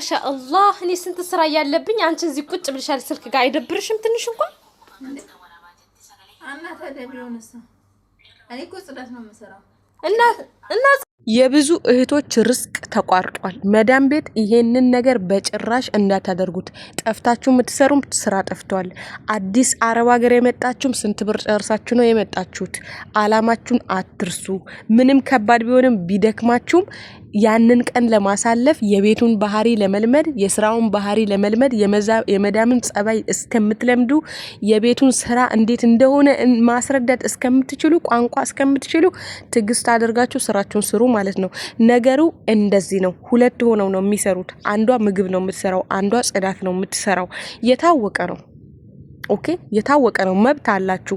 ማሻአላህ እኔ ስንት ስራ እያለብኝ አንቺ እዚህ ቁጭ ብልሻል ስልክ ጋር አይደብርሽም? ትንሽ እንኳን እና የብዙ እህቶች ርስቅ ተቋርጧል። መዳም ቤት ይሄንን ነገር በጭራሽ እንዳታደርጉት። ጠፍታችሁ የምትሰሩም ስራ ጠፍቷል። አዲስ አረብ ሀገር የመጣችሁም ስንት ብር ጨርሳችሁ ነው የመጣችሁት? አላማችሁን አትርሱ። ምንም ከባድ ቢሆንም ቢደክማችሁም ያንን ቀን ለማሳለፍ የቤቱን ባህሪ ለመልመድ የስራውን ባህሪ ለመልመድ የመዳምን ጸባይ እስከምትለምዱ የቤቱን ስራ እንዴት እንደሆነ ማስረዳት እስከምትችሉ ቋንቋ እስከምትችሉ ትግስት አድርጋችሁ ስራችሁን ስሩ ማለት ነው። ነገሩ እንደዚህ ነው። ሁለት ሆነው ነው የሚሰሩት። አንዷ ምግብ ነው የምትሰራው፣ አንዷ ጽዳት ነው የምትሰራው። የታወቀ ነው። ኦኬ የታወቀ ነው። መብት አላችሁ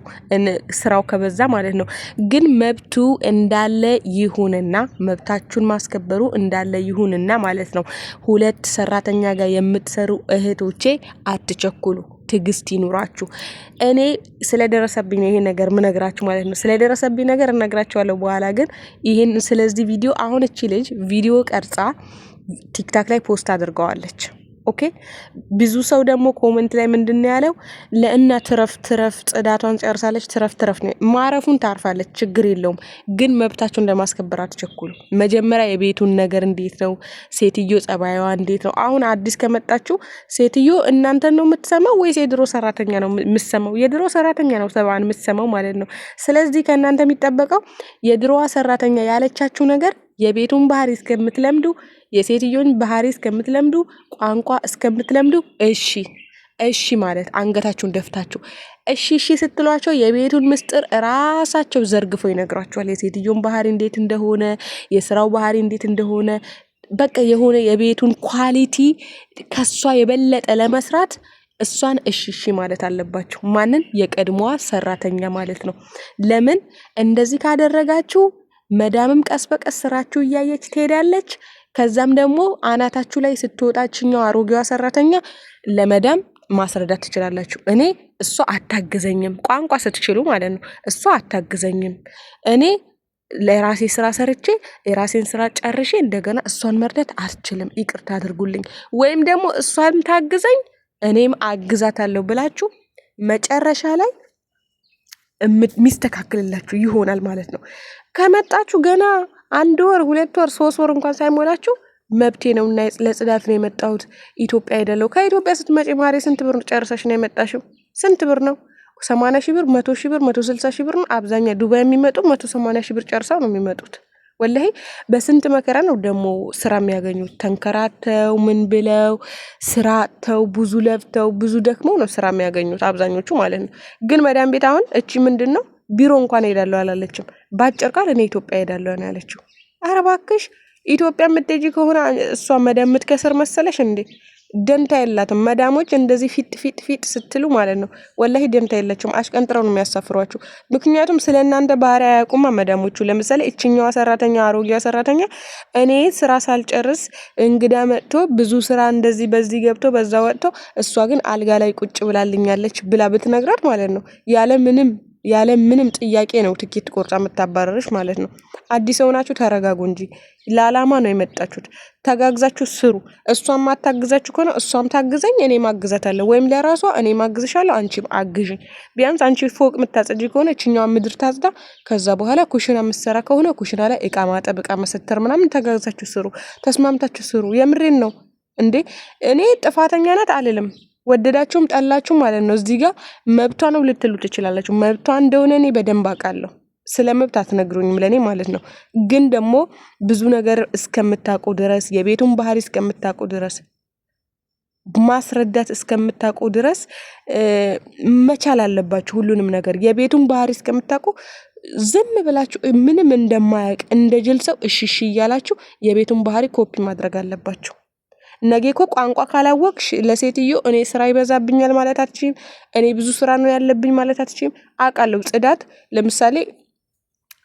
ስራው ከበዛ ማለት ነው። ግን መብቱ እንዳለ ይሁንና መብታችሁን ማስከበሩ እንዳለ ይሁንና ማለት ነው። ሁለት ሰራተኛ ጋር የምትሰሩ እህቶቼ አትቸኩሉ፣ ትግስት ይኑራችሁ። እኔ ስለደረሰብኝ ይሄ ነገር ምነግራችሁ ማለት ነው። ስለደረሰብኝ ነገር እነግራችኋለሁ በኋላ። ግን ይህን ስለዚህ ቪዲዮ አሁን እቺ ልጅ ቪዲዮ ቀርጻ ቲክታክ ላይ ፖስት አድርገዋለች። ኦኬ ብዙ ሰው ደግሞ ኮመንት ላይ ምንድን ያለው? ለእና ትረፍ ትረፍ ጽዳቷን ጨርሳለች፣ ትረፍ ትረፍ ነው ማረፉን ታርፋለች፣ ችግር የለውም ግን መብታቸውን ለማስከበር አትቸኩሉ። መጀመሪያ የቤቱን ነገር እንዴት ነው ሴትዮ ጸባይዋ እንዴት ነው? አሁን አዲስ ከመጣችሁ ሴትዮ እናንተን ነው የምትሰማው ወይስ የድሮ ሰራተኛ ነው የምትሰማው? የድሮ ሰራተኛ ነው ሰባን የምትሰማው ማለት ነው። ስለዚህ ከእናንተ የሚጠበቀው የድሮዋ ሰራተኛ ያለቻችሁ ነገር የቤቱን ባህሪ እስከምትለምዱ፣ የሴትዮን ባህሪ እስከምትለምዱ፣ ቋንቋ እስከምትለምዱ እሺ እሺ ማለት አንገታችሁን ደፍታችሁ እሺ እሺ ስትሏቸው የቤቱን ምስጢር ራሳቸው ዘርግፈው ይነግሯቸዋል። የሴትዮን ባህሪ እንዴት እንደሆነ፣ የስራው ባህሪ እንዴት እንደሆነ በቃ የሆነ የቤቱን ኳሊቲ ከሷ የበለጠ ለመስራት እሷን እሺ እሺ ማለት አለባችሁ። ማንን? የቀድሞዋ ሰራተኛ ማለት ነው። ለምን እንደዚህ ካደረጋችሁ መዳምም ቀስ በቀስ ስራችሁ እያየች ትሄዳለች። ከዛም ደግሞ አናታችሁ ላይ ስትወጣ አሮጌዋ ሰራተኛ ለመዳም ማስረዳት ትችላላችሁ። እኔ እሷ አታግዘኝም፣ ቋንቋ ስትችሉ ማለት ነው። እሷ አታግዘኝም፣ እኔ ለራሴ ስራ ሰርቼ የራሴን ስራ ጨርሼ እንደገና እሷን መርዳት አልችልም፣ ይቅርታ አድርጉልኝ፣ ወይም ደግሞ እሷም ታግዘኝ እኔም አግዛታለሁ ብላችሁ መጨረሻ ላይ የሚስተካክልላችሁ ይሆናል ማለት ነው። ከመጣችሁ ገና አንድ ወር ሁለት ወር ሶስት ወር እንኳን ሳይሞላችሁ መብቴ ነው እና ለጽዳት ነው የመጣሁት ኢትዮጵያ አይደለሁ። ከኢትዮጵያ ስትመጪ ማሪ ስንት ብር ጨርሰሽ ነው የመጣሽው? ስንት ብር ነው? ሰማንያ ሺህ ብር፣ መቶ ሺህ ብር፣ መቶ ስልሳ ሺህ ብር ነው። አብዛኛው ዱባይ የሚመጡ መቶ ሰማንያ ሺህ ብር ጨርሰው ነው የሚመጡት። ወላሂ በስንት መከራ ነው ደግሞ ስራ የሚያገኙት። ተንከራተው ምን ብለው ስራ ተው ብዙ ለፍተው ብዙ ደክመው ነው ስራ የሚያገኙት አብዛኞቹ ማለት ነው። ግን መዳም ቤት አሁን እቺ ምንድን ነው ቢሮ እንኳን ሄዳለሁ አላለችም። በአጭር ቃል እኔ ኢትዮጵያ ሄዳለሁ ነው ያለችው። ኧረ እባክሽ ኢትዮጵያ የምትሄጂ ከሆነ እሷ መዳም የምትከስር መሰለሽ እንዴ? ደንታ የላትም። መዳሞች እንደዚህ ፊጥ ፊጥ ፊጥ ስትሉ ማለት ነው ወላሂ ደንታ የለችም። አሽቀንጥረው ነው የሚያሳፍሯችሁ። ምክንያቱም ስለ እናንተ ባህሪ አያውቁማ መዳሞቹ። ለምሳሌ እችኛዋ ሰራተኛ፣ አሮጌዋ ሰራተኛ እኔ ስራ ሳልጨርስ እንግዳ መጥቶ ብዙ ስራ እንደዚህ በዚህ ገብቶ በዛ ወጥቶ እሷ ግን አልጋ ላይ ቁጭ ብላልኛለች ብላ ብትነግራት ማለት ነው ያለ ምንም ያለ ምንም ጥያቄ ነው ትኬት ቆርጣ የምታባረርሽ ማለት ነው። አዲስ የሆናችሁ ተረጋጉ እንጂ ለአላማ ነው የመጣችሁት። ተጋግዛችሁ ስሩ። እሷም ማታግዛችሁ ከሆነ እሷም ታግዘኝ፣ እኔ ማግዛታለሁ። ወይም ለራሷ እኔ ማግዝሻለሁ፣ አንቺ አግዥኝ። ቢያንስ አንቺ ፎቅ የምታጸጂ ከሆነ እችኛዋ ምድር ታጽዳ። ከዛ በኋላ ኩሽና ምሰራ ከሆነ ኩሽና ላይ እቃ ማጠብ፣ እቃ መሰተር ምናምን ተጋግዛችሁ ስሩ፣ ተስማምታችሁ ስሩ። የምሬን ነው እንዴ። እኔ ጥፋተኛ ናት አልልም። ወደዳችሁም ጠላችሁ ማለት ነው። እዚህ ጋር መብቷ ነው ልትሉ ትችላላችሁ። መብቷ እንደሆነ እኔ በደንብ አውቃለሁ። ስለ መብት አትነግሩኝም ለእኔ ማለት ነው። ግን ደግሞ ብዙ ነገር እስከምታውቁ ድረስ የቤቱን ባህሪ እስከምታውቁ ድረስ ማስረዳት እስከምታውቁ ድረስ መቻል አለባችሁ ሁሉንም ነገር። የቤቱን ባህሪ እስከምታውቁ ዝም ብላችሁ ምንም እንደማያውቅ እንደ ጅል ሰው እሽሽ እያላችሁ የቤቱን ባህሪ ኮፒ ማድረግ አለባችሁ። ነገ እኮ ቋንቋ ካላወቅሽ ለሴትዮ እኔ ስራ ይበዛብኛል ማለት አትችም። እኔ ብዙ ስራ ነው ያለብኝ ማለት አትችም። አውቃለሁ። ጽዳት ለምሳሌ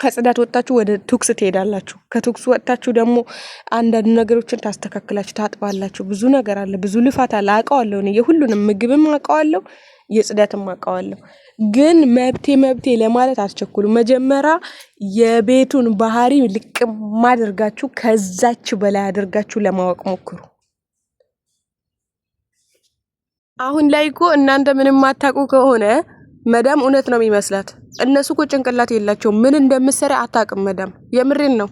ከጽዳት ወጥታችሁ ወደ ቱክስ ትሄዳላችሁ። ከቱክስ ወጥታችሁ ደግሞ አንዳንድ ነገሮችን ታስተካክላችሁ ታጥባላችሁ። ብዙ ነገር አለ፣ ብዙ ልፋት አለ። አውቀዋለሁ እኔ የሁሉንም ምግብም አውቀዋለሁ፣ የጽዳትም አውቀዋለሁ። ግን መብቴ መብቴ ለማለት አስቸኩሉ መጀመሪያ የቤቱን ባህሪ ልቅም አድርጋችሁ ከዛች በላይ አድርጋችሁ ለማወቅ ሞክሩ። አሁን ላይ እኮ እናንተ ምንም አታውቁ ከሆነ መዳም እውነት ነው የሚመስላት። እነሱ እኮ ጭንቅላት የላቸው። ምን እንደምሰራ አታውቅም መዳም። የምሬን ነው።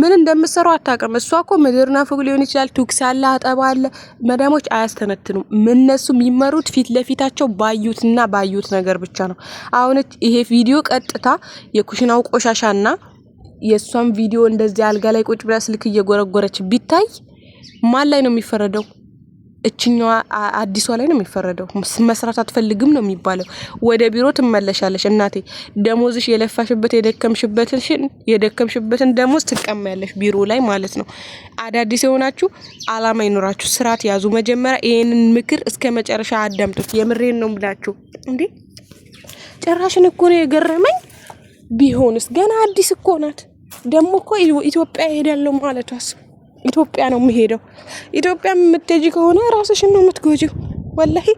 ምን እንደምሰሩ አታውቅም። እሷ እኮ ምድርና ፎቅ ሊሆን ይችላል፣ ቱክስ አለ፣ አጠባ አለ። መዳሞች አያስተነትኑም። እነሱ የሚመሩት ፊት ለፊታቸው ባዩትና ባዩት ነገር ብቻ ነው። አሁን ይሄ ቪዲዮ ቀጥታ የኩሽናው ቆሻሻና የእሷን ቪዲዮ እንደዚህ አልጋ ላይ ቁጭ ብላ ስልክ እየጎረጎረች ቢታይ ማን ላይ ነው የሚፈረደው? እችኛዋ አዲሷ ላይ ነው የሚፈረደው። መስራት አትፈልግም ነው የሚባለው። ወደ ቢሮ ትመለሻለሽ እናቴ። ደሞዝሽ የለፋሽበት የደከምሽበትሽን የደከምሽበትን ደሞዝ ትቀማያለሽ ቢሮ ላይ ማለት ነው። አዳዲስ የሆናችሁ አላማ ይኖራችሁ ስርዓት ያዙ። መጀመሪያ ይህንን ምክር እስከ መጨረሻ አዳምጡት። የምሬን ነው ብላችሁ እንዴ! ጭራሽን እኮ ነው የገረመኝ። ቢሆንስ ገና አዲስ እኮ ናት። ደግሞ እኮ ኢትዮጵያ ይሄዳለሁ ማለቷስ ኢትዮጵያ ነው የምሄደው። ኢትዮጵያ የምትሄጂ ከሆነ ራስሽን ነው የምትጎጂው። ወላሂ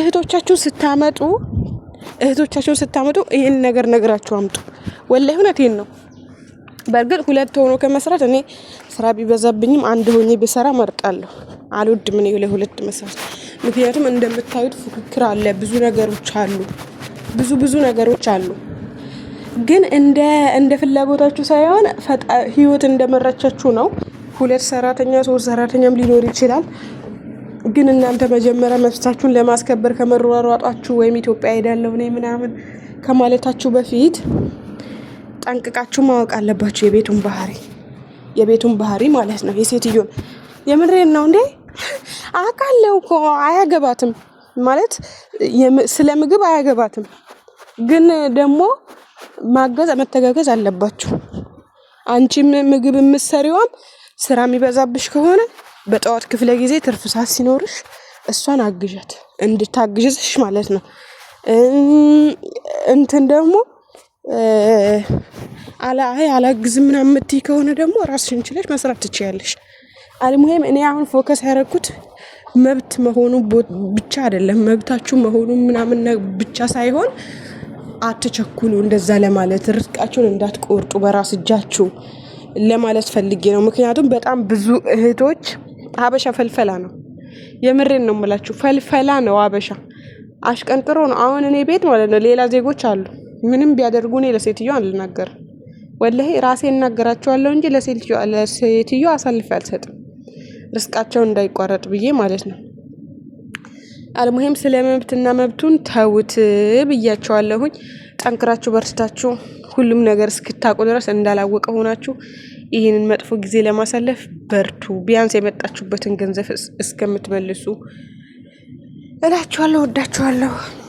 እህቶቻችሁን ስታመጡ እህቶቻችሁን ስታመጡ ይህን ነገር ነግራችሁ አምጡ። ወላሂ እውነቴን ነው። በእርግጥ ሁለት ሆኖ ከመስራት እኔ ስራ ቢበዛብኝም አንድ ሆኜ ብሰራ መርጣለሁ። አልወድም እኔ ለሁለት መስራት። ምክንያቱም እንደምታዩት ፉክክር አለ፣ ብዙ ነገሮች አሉ፣ ብዙ ብዙ ነገሮች አሉ። ግን እንደ እንደ ፍላጎታችሁ ሳይሆን ህይወት እንደመራቻችሁ ነው። ሁለት ሰራተኛ ሶስት ሰራተኛም ሊኖር ይችላል። ግን እናንተ መጀመሪያ መብታችሁን ለማስከበር ከመሯሯጧችሁ ወይም ኢትዮጵያ ሄዳለሁ እኔ ምናምን ከማለታችሁ በፊት ጠንቅቃችሁ ማወቅ አለባችሁ። የቤቱን ባህሪ የቤቱን ባህሪ ማለት ነው። የሴትዮን የምድሬን ነው እንዴ አውቃለሁ እኮ አያገባትም ማለት ስለ ምግብ አያገባትም። ግን ደግሞ ማገዝ መተጋገዝ አለባችሁ። አንቺም ምግብ የምትሰሪዋም ስራ የሚበዛብሽ ከሆነ በጠዋት ክፍለ ጊዜ ትርፍ ሰዓት ሲኖርሽ እሷን አግዣት እንድታግዝሽ ማለት ነው። እንትን ደግሞ አላይ አላግዝ ምናምን የምትይ ከሆነ ደግሞ ራስሽን ችለሽ መስራት ትችያለሽ። አልሙሄም እኔ አሁን ፎከስ ያደረኩት መብት መሆኑ ብቻ አይደለም፣ መብታችሁ መሆኑ ምናምን ብቻ ሳይሆን አትቸኩሉ፣ እንደዛ ለማለት ርዝቃችሁን እንዳትቆርጡ በራስ እጃችሁ ለማለት ፈልጌ ነው። ምክንያቱም በጣም ብዙ እህቶች ሀበሻ ፈልፈላ ነው። የምሬን ነው የምላችሁ፣ ፈልፈላ ነው ሀበሻ አሽቀንጥሮ ነው። አሁን እኔ ቤት ማለት ነው ሌላ ዜጎች አሉ። ምንም ቢያደርጉ እኔ ለሴትዮ አልናገርም። ወላሄ ራሴ እናገራቸዋለሁ እንጂ ለሴትዮ አሳልፌ አልሰጥም። ርስቃቸው እንዳይቋረጥ ብዬ ማለት ነው። አልሙሄም ስለ መብትና መብቱን ተውት ብያቸዋለሁኝ። ጠንክራችሁ በርትታችሁ ሁሉም ነገር እስክታውቁ ድረስ እንዳላወቀ ሆናችሁ ይህንን መጥፎ ጊዜ ለማሳለፍ በርቱ። ቢያንስ የመጣችሁበትን ገንዘብ እስከምትመልሱ እላችኋለሁ። ወዳችኋለሁ።